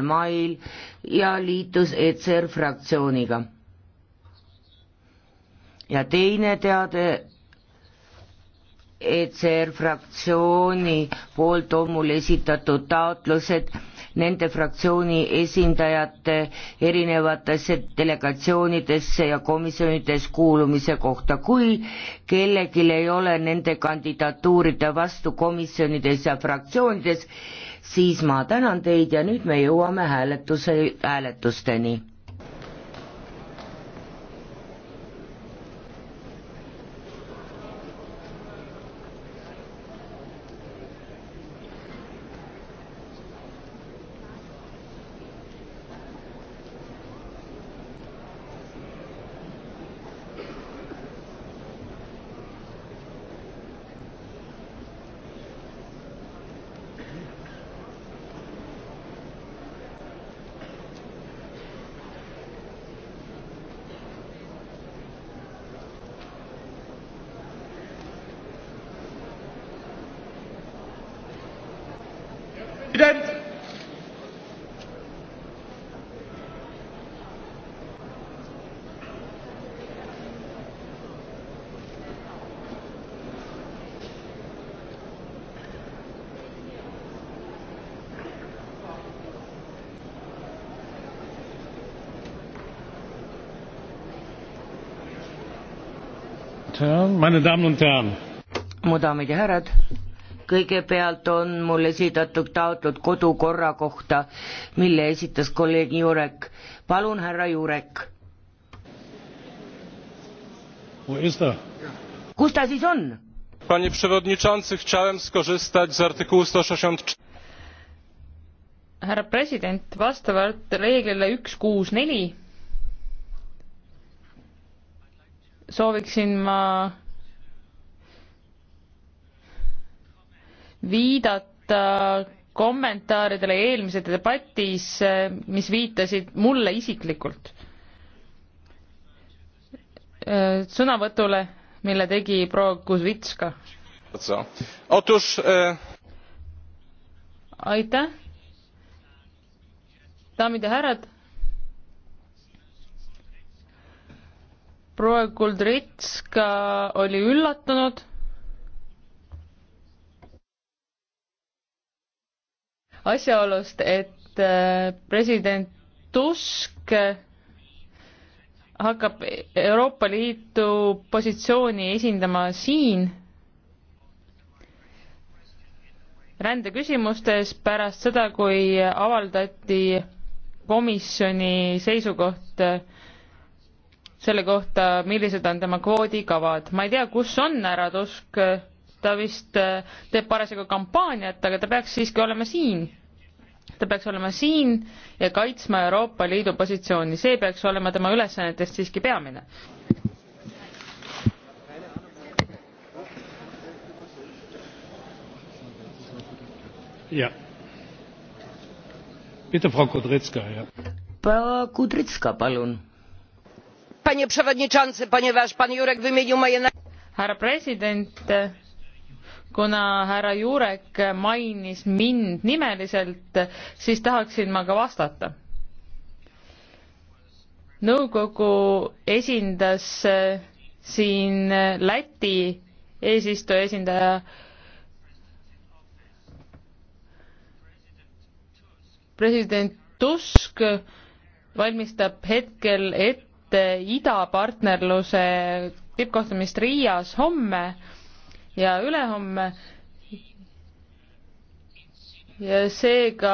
mail ja liitus ECR fraktsiooniga. ja teine teade ECR fraktsiooni poolt hommul esitatud taotlused nende fraktsiooni esindajate erinevatesse delegatsioonidesse ja komisjonides kuulumise kohta. kui kellelgi ei ole nende kandidatuuride vastu komisjonides ja fraktsioonides, siis ma tänan teid ja nüüd me jõuame hääletuse, hääletusteni President. meine Damen und Herren! Mu daamid ja härrad! kõigepealt on mul esitatud taotlus kodukorra kohta, mille esitas kolleeg Jurek. palun, härra Jurek. kus ta siis on? Panie przewodniczący, chciałem skorzystać z artykułu 164. Härra president, vastavalt reeglile 164 sooviksin ma viidata kommentaaridele eelmises debatis, mis viitasid mulle isiklikult sõnavõtule, mille tegi proua Kuzvitska. Äh, aitäh. daamid ja härrad. proua Kuldritska oli üllatunud asjaolust, et äh, president Tusk hakkab Euroopa Liidu positsiooni esindama siin rändeküsimustes pärast seda, kui avaldati komisjoni seisukoht äh, selle kohta, millised on tema kvoodikavad. ma ei tea, kus on härra Tusk äh, ta vist äh, teeb parasjagu kampaaniat, aga ta peaks siiski olema siin. ta peaks olema siin ja kaitsma Euroopa Liidu positsiooni, see peaks olema tema ülesannetest siiski peamine. jah. Bitte, Frau Kudrytska, jah. Proua Kudrytska, palun. Panie przewodniczący, ponieważ pan Jurek wymienił moje. härra president kuna härra Jurek mainis mind nimeliselt, siis tahaksin ma ka vastata. nõukogu esindas eh, siin Läti eesistuja esindaja president Tusk valmistab hetkel ette idapartnerluse tippkohtumist Riias homme ja ülehomme ja seega